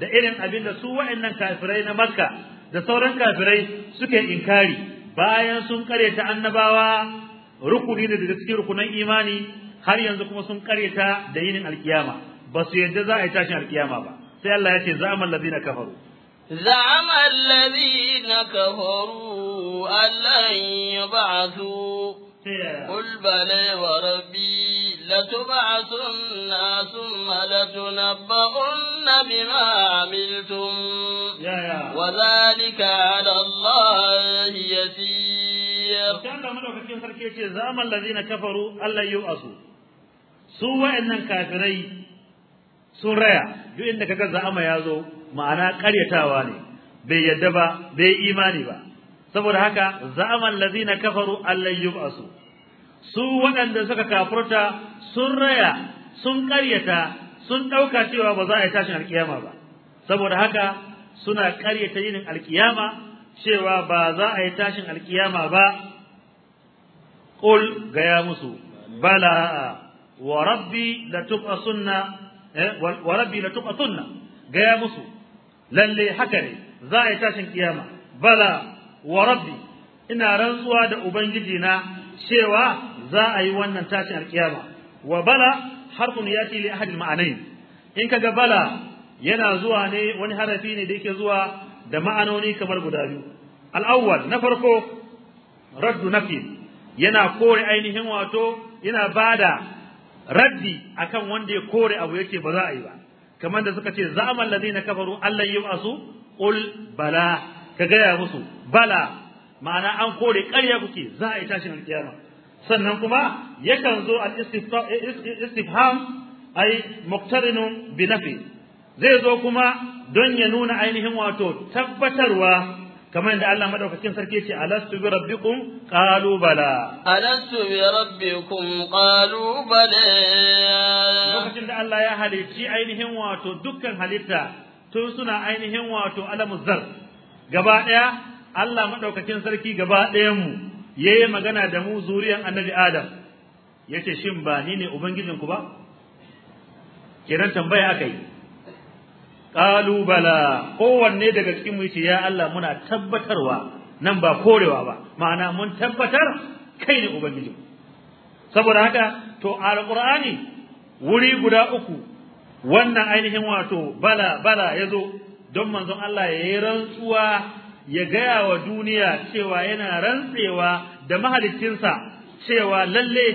da irin abinda su waɗannan kafirai na Makka da sauran kafirai suke inkari bayan sun karyata annabawa rukuni ne daga cikin rukunan imani har yanzu kuma sun karyata da yinin alkiyama ba su yadda za a yi tashin alkiyama ba sai Allah ya ce za'amal ladina kafaru za'amal ladina kafaru allan yub'athu qul bala wa rabbi لتبعثن ثم لتنبؤن بما عملتم وذلك على الله يسير كان من وكتين سركيتي زام الذين كفروا ألا يؤسوا سوى إن كافري سريا duk inda kaga za'ama ya zo ma'ana ƙaryatawa ne bai yadda ba bai imani ba saboda haka za'aman lazina kafaru allan yub'asu su waɗanda suka kafurta sun raya sun ƙaryata sun ɗauka cewa ba za a yi tashin alkiyama ba saboda haka suna ƙaryata yinin alkiyama cewa ba za a yi tashin alkiyama ba qul gaya musu bala wa rabbi latuqasunna eh, wa suna latuqatunna gaya musu lalle haka ne za a yi tashin kiyama bala wa rabbi ina rantsuwa da ubangiji na cewa za a yi wannan tashin alkiyama wa bala harfun yati li ahad ma'anai. in kaga bala yana zuwa ne wani harafi ne da yake zuwa da ma'anoni kamar guda biyu al-awwal na farko raddu nafi yana kore ainihin wato yana bada raddi akan wanda ya kore abu yake ba za a yi ba kamar da suka ce za'ama alladhina kafaru allan yub'asu qul bala ka gaya musu bala ma'ana an kore ƙarya kuke za a yi tashin alkiyama sannan kuma yakan zo al eh, eh, istifham ai muqtarinu bi nafi zai zo kuma don ya nuna ainihin wato tabbatarwa kamar yadda Allah madaukakin sarki ce alastu bi rabbikum qalu bala alastu bi rabbikum qalu bala lokacin da Allah ya halicci ainihin wato dukkan halitta tun suna ainihin wato alamuzar gaba daya Allah madaukakin sarki gaba dayan mu yayi magana da mu zuriyan annabi adam yace shin ba ni ne ubangijin ku ba kiran tambaya akai qalu bala kowanne daga cikin mu yace ya Allah muna tabbatarwa nan ba korewa ba ma'ana mun tabbatar kai ne ubangijin saboda haka to alqur'ani wuri guda uku wannan ainihin wato bala bala yazo don manzon Allah ya yi rantsuwa ya gaya wa duniya cewa yana rantsewa da mahalicinsa cewa lalle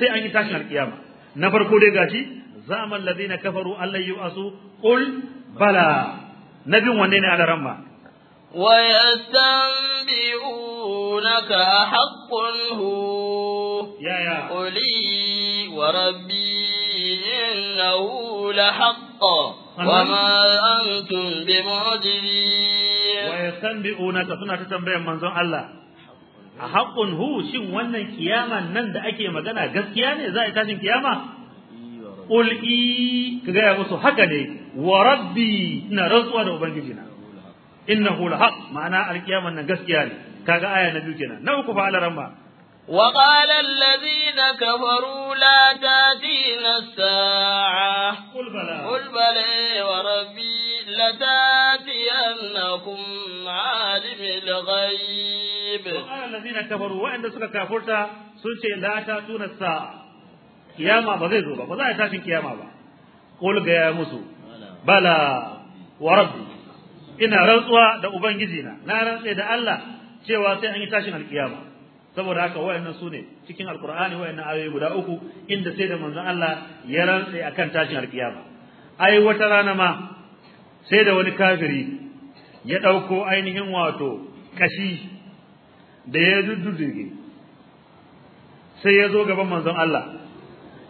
sai an yi tashin alkiyama na farko dai gashi zaman ladina kafaru Allah yi asu qul bala nabin wanne ne ala ma wa yastanbi'unaka haqqun hu ya ya quli wa rabbi innahu la haqqan wa ma antum bimu'jizin yastanbi'unaka suna ta tambayar manzon Allah a haqqun hu shin wannan kiyama nan da ake magana gaskiya ne za a tashin kiyama qul i kaga ya musu haka ne wa rabbi ina rantsuwa da ubangiji na innahu lahaq ma'ana alkiyaman nan gaskiya ne kaga aya na biyu kenan na uku fa وقال الذين كفروا لا تاتينا الساعة قل بلى قل بلى وربي لتاتينكم عالم الغيب وقال الذين كفروا وإن سكا كافرتا سنشي لا تاتون الساعة قيامة بغيظوا بقى ولا يتاتين قيامة بقى قل يا موسو بلى وربي ina rantsuwa da ubangijina na rantsa da Allah cewa sai an yi tashin alkiyama saboda haka wayannan su ne cikin alqur'ani wayannan ayoyi guda uku inda sai da manzon Allah ya rantse akan tashin alkiyama ai wata rana ma sai da wani kafiri ya dauko ainihin wato kashi da ya dudduge sai ya zo gaban manzon Allah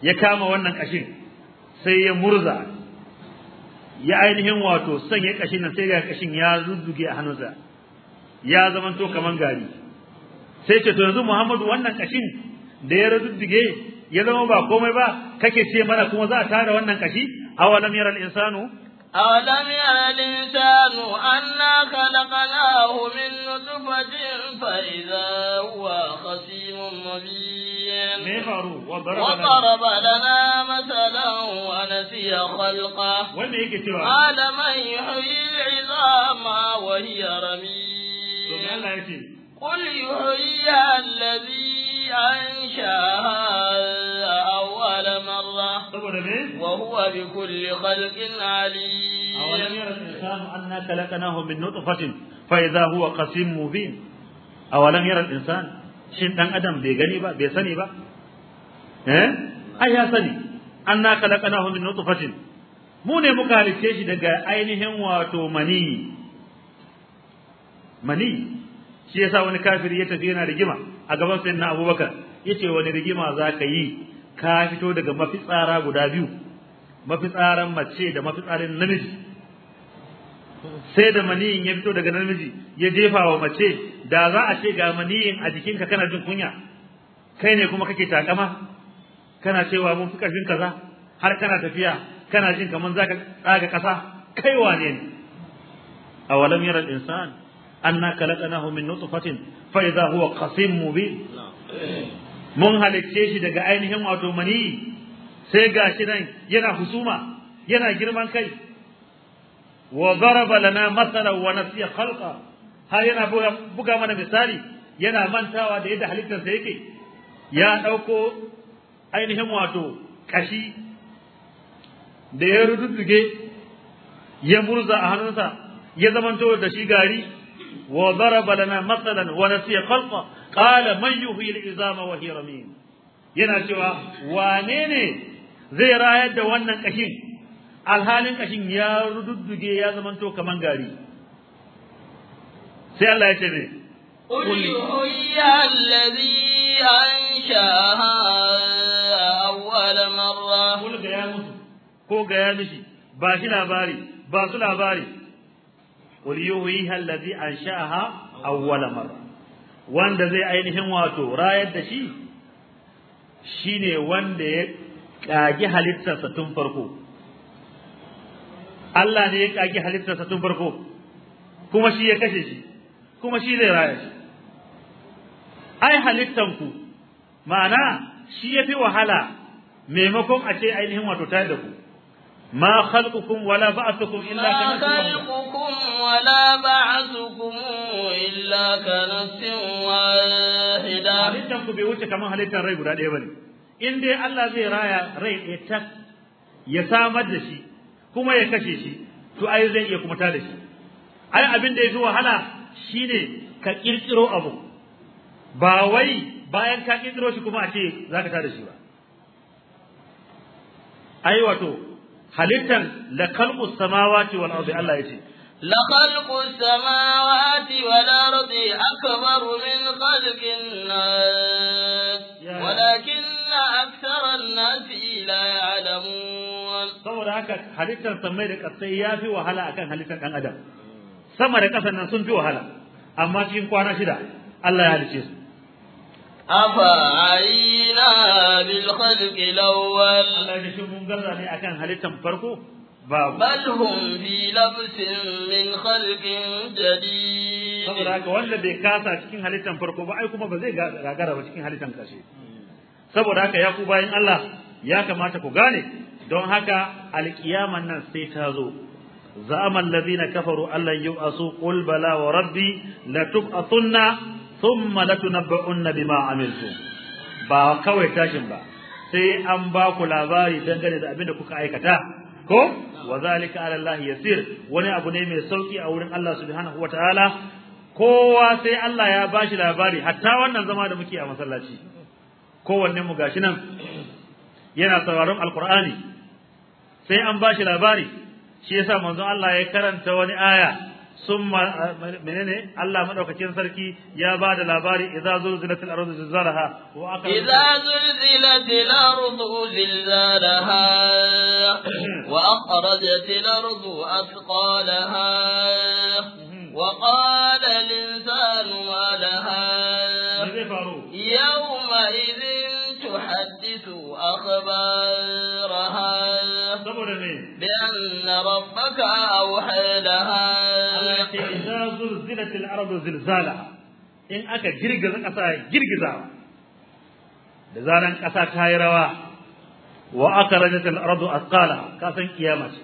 ya kama wannan kashin sai ya murza ya ainihin wato sanya kashin nan sai ga kashin ya zuzzuge a hannunsa ya zamanto kaman gari sai ce to yanzu Muhammadu wannan kashin da ya ruddige ya zama ba komai ba kake ce mana kuma za a tara wannan kashi awalam yaral insanu awalam yaral insanu anna khalaqnahu min nutfatin fa idza huwa khasimun mubin me faru wa daraba lana masalan wa nasiya khalqa wanda yake cewa qala yuhyi al'izama wa hiya to Allah yake قل يحيي الذي أنشاها أول مرة وهو بكل خلق عليم أولم يرى الإنسان أنا خلقناه من نطفة فإذا هو قسيم مبين أولم يرى الإنسان shin dan أدم بيغني با ba با sani ba eh ai ya sani anna khalaqnahu min nutfatin mu ne muka halice shi daga ainihin wato mani mani shi yasa wani kafiri ya tafi yana rigima a gaban sayyidina abubakar yace wani rigima zaka yi ka fito daga mafitsara guda biyu mafitsaran mace da mafitsarin namiji sai da maniyin ya fito daga namiji ya jefa wa mace da za a ce ga maniyin a jikinka kana jin kunya kai ne kuma kake takama kana cewa mun fi karfin kaza har kana tafiya kana jin kaman zaka tsaga kasa kai wane ne awalam yaral Insani. anna khalaqnahu min nutfatin fa idha huwa qasim mubin mun halicce shi daga ainihin wato mani sai gashi nan yana husuma yana girman kai wa daraba lana mathalan wa nasiya khalqa har yana buga mana misali yana mantawa da yadda halittarsa yake ya dauko ainihin wato kashi da ya rududduge ya murza a hannunsa ya zamanto da shi gari وضرب لنا مثلا ونسي خلقه قال من يحيي العظام وهي رميم yana cewa wane ne zai rayar da wannan kashin alhalin kashin ya rududduge ya zamanto kaman gari sai Allah ya ce ne قل يحييها الذي أنشاها أول مرة قل ko gaya mishi ba shi labari ba su labari qul yuhyiha allazi ansha'aha awwala marra wanda zai ainihin wato rayar da shi shine wanda ya kage halittarsa tun farko Allah ne ya kage halittarsa tun farko kuma shi ya kashe shi kuma shi zai raya shi ai halittanku ma'ana shi ya fi wahala maimakon a ce ainihin wato tayar da ku ما خلقكم ولا بعثكم إلا ما خلقكم ولا بعثكم إلا كنفس واحدة halittan ku bai wuce kamar halittar rai guda ɗaya bane in dai Allah zai raya rai ya samar da shi kuma ya kashe shi to ai zai iya kuma tada shi ai abin da yafi wahala shine ka kirkiro abu ba wai bayan ka kirkiro shi kuma a ce zaka tada shi ba ai halittan la khalqu samawati wal ardi Allah yace la khalqu samawati wal ardi akbar min khalqin nas walakinna akthara an-nasi la ya'lamun saboda haka halittar samai da kasai yafi wahala akan halittar dan adam sama da kasan nan sun fi wahala amma cikin kwana shida Allah ya halice su أفعينا بالخلق الأول بل هم في لبس من خلق جديد saboda haka wanda bai kasa cikin halittar farko ba kuma ba zai gagara ba cikin halittar saboda haka ya ku bayan Allah ya kamata ku gane don haka alƙiyaman nan sai ta zo za'amal ladina kafaru allan yu'asu qul bala wa rabbi la thumma latunabba'unna bima amiltum ba kawai tashin ba sai an ba ku labari dangane da abin da kuka aikata ko wa zalika ala Allah yasir wani abu ne mai sauki a wurin Allah subhanahu wataala kowa sai Allah ya bashi labari hatta wannan zama da muke a masallaci kowanne mu gashi nan yana sauraron alqur'ani sai an bashi labari shi yasa manzon Allah ya karanta wani aya summa menene Allah madaukakin sarki ya ba da labari idza zulzilatil ardu zilzalaha wa aqra idza zulzilatil ardu zilzalaha wa akhrajatil ardu athqalaha wa qala al insanu ma laha yawma idhin tuhaddisu akhbaraha بأن ربك أوحى لها ce idza al ardu zilzala in aka girgiza ƙasa girgiza. da zaran ƙasa ta yi rawa wa al ardu athqalaha kasan kiyama ce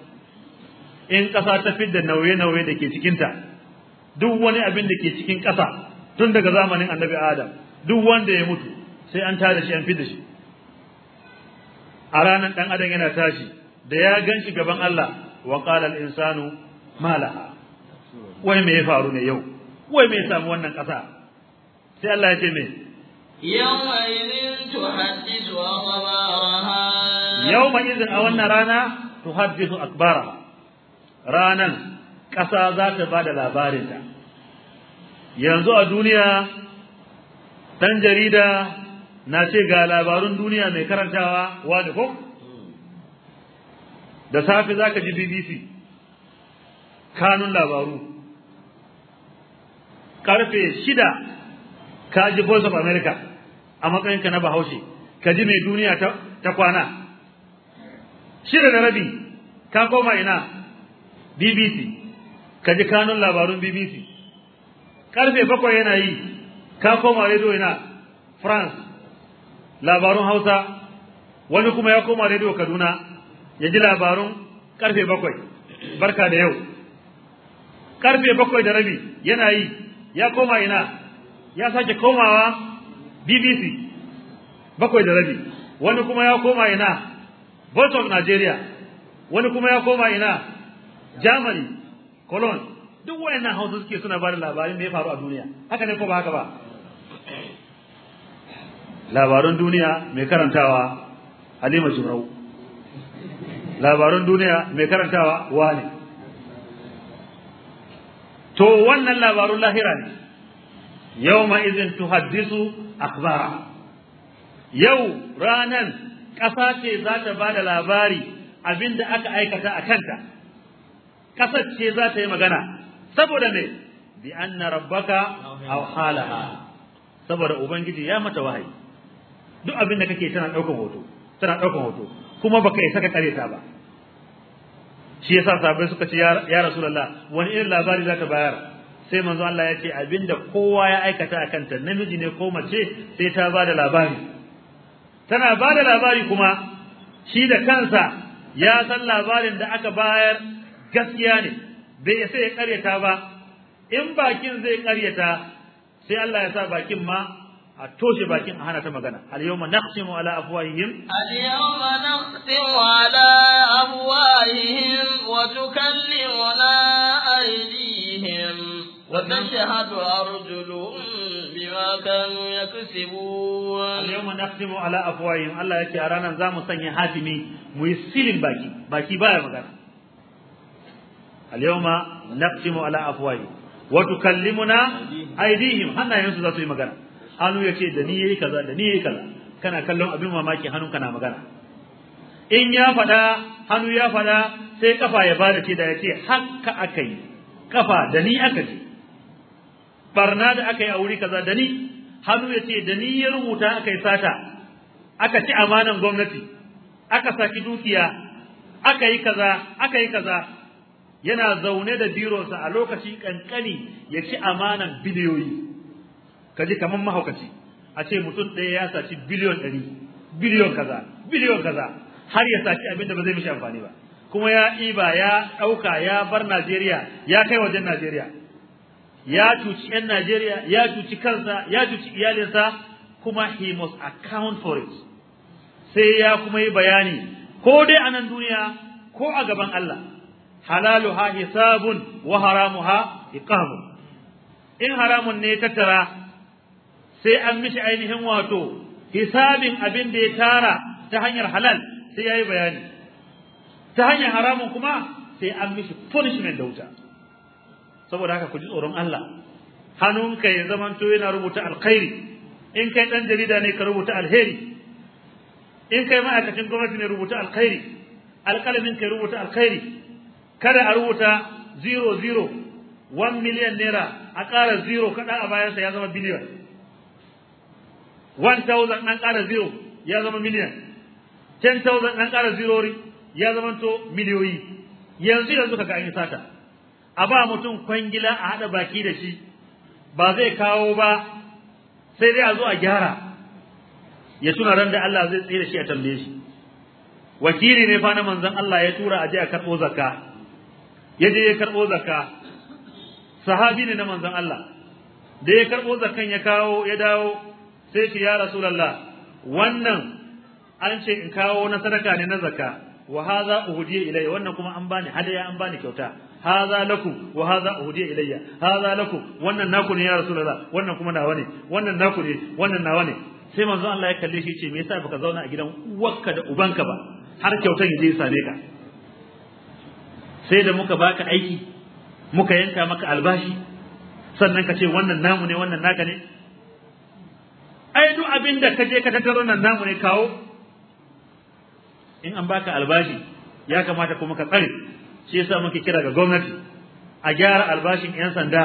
in ƙasa ta fidda nauye-nauye da ke cikinta duk wani abin da ke cikin kasa tun daga zamanin annabi adam duk wanda ya mutu sai an tada shi an fidda shi a ranar ɗan adam yana tashi da ya gan gaban Allah wa qala al-insanu ma wai me ya faru ne yau wai me ya samu wannan ƙasa sai Allah ya ce me yawma idin a wannan rana tuhaddisu akbara ranan ƙasa za ta bada labarinta yanzu a duniya dan jarida na ce ga labarun duniya mai karantawa wani ko da safe zaka ji BBC kanun labaru karfe shida ka ji voice of america a matsayinka na bahaushe ka ji mai duniya ta kwana shida da rabi ka koma ina bbc ka ji kanun labarun bbc karfe bakwai yana yi ka koma rediyo ina france labarun hausa wani kuma ya koma rediyo kaduna ya ji labarun karfe bakwai barka da yau karfe bakwai da rabi yana yi ya koma ina ya sake komawa BBC bakwai da rabi wani kuma ya koma ina Voice of Nigeria wani kuma ya koma ina Germany Cologne duk wayannan hausa suke suna ba da labarin da ya faru a duniya haka ne ko ba haka ba labarun duniya mai karantawa Halima Jumrau labarun duniya mai karantawa wani to wannan labarun lahira ne yawma idin tuhaddisu akhbara yau ranan ƙasa ce za ta ba da labari abin da aka aikata a kanta ƙasar ce za ta yi magana saboda me bi anna rabbaka aw halaha saboda ubangiji ya mata wahayi duk abinda kake tana ɗaukar hoto tana ɗaukar hoto kuma baka isa ka kare ta ba shi yasa sahabbai suka ce ya rasulullah wani irin labari zaka bayar sai manzo Allah ya ce abinda kowa ya aikata a kanta namiji ne ko mace sai ta bada labari tana bada labari kuma shi da kansa ya san labarin da aka bayar gaskiya ne bai sai ya karyata ba in bakin zai karyata sai Allah ya sa bakin ma a toshe bakin a hana ta magana al yawma naqsimu ala afwahihim al yawma naqsimu ala afwahihim wa tukallimuna aydihim wa tashhadu arjuluhum bima kanu yaksibun al yawma naqsimu ala afwahihim Allah yake a ranan zamu sanya hatimi mu yi silin baki baki baya magana al yawma naqsimu ala afwahihim wa tukallimuna aydihim hannayensu za su yi magana hannu ya ce da ni yayi kaza da ni yayi kaza kana kallon abin mamaki hannun kana magana in ya faɗa hannu ya faɗa sai kafa ya bada ce da ya ce hakka aka yi kafa da ni aka ce barna da aka yi a wuri kaza da ni hannu ya ce da ni ya rubuta aka yi sata aka ci amanan gwamnati aka saki dukiya aka yi kaza aka yi kaza yana zaune da bironsa a lokaci kankani ya ci amanan bidiyoyi. Kaje kaman mahaukaci a ce mutum ɗaya ya saci biliyon ɗari biliyon kaza biliyon kaza har ya saci abin da ba zai mishi amfani ba kuma ya iba ya ɗauka ya bar Najeriya ya kai wajen Najeriya ya cuci 'yan Najeriya ya cuci kansa ya cuci iyalinsa kuma he must account for it sai ya kuma yi bayani ko dai a nan duniya ko a gaban Allah Halalu ha hisabun wa haramuha iqamu in haramun ne tattara sai an mishi ainihin wato hisabin abin da ya tara ta hanyar halal sai yayi bayani ta hanyar haramun kuma sai an mishi punishment da wuta saboda haka ku ji tsoron Allah hannunka ya to yana rubuta alkhairi in kai dan jarida ne ka rubuta alheri in kai ma'aikacin gwamnati ne rubuta alkhairi alƙalamin kai rubuta alkhairi kada a rubuta 00 1 million naira a ƙara zero kada a sa ya zama billion. 1000 dan ƙara zero ya zama miliyan 10000 dan ƙara zirori ya zama to miliyoyi yanzu yanzu kaga an sata a ba mutum kwangila a hada baki da shi ba zai kawo ba sai dai a zo a gyara ya tuna ran da Allah zai tsira shi a tambaye shi wakili ne fa na manzon Allah ya tura a je a karbo zakka ya je ya karbo zakka sahabi ne na manzon Allah da ya karbo zakkan ya kawo ya dawo sai ce ya rasulullah wannan an ce in kawo na sadaka ne na zakka wa hadha uhdi ilayya wannan kuma an bani hadaya an bani kyauta hadha lakum wa hadha uhdi ilayya hadha lakum wannan naku ne ya rasulullah wannan kuma nawa ne wannan naku ne wannan nawa ne sai manzo Allah ya kalle shi ce me yasa baka zauna a gidan uwarka da ubanka ba har kyautan yaje same ka sai da muka baka aiki muka yanka maka albashi sannan ka ce wannan namu ne wannan naka ne ai duk abin da ka je ka tattaro nan namu ne kawo in an baka albashi ya kamata kuma ka tsare shi yasa muke kira ga gwamnati a gyara albashin yan sanda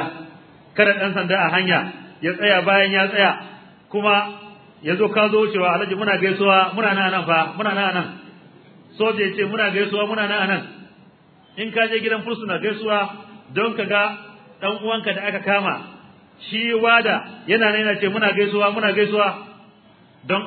kada dan sanda a hanya ya tsaya bayan ya tsaya kuma ya zo ka zo cewa alhaji muna gaisuwa muna nan nan fa muna nan anan soja ce muna gaisuwa muna nan nan in ka je gidan fursuna gaisuwa don ka ga dan uwanka da aka kama shi wada yana nan yana ce muna gaisuwa muna gaisuwa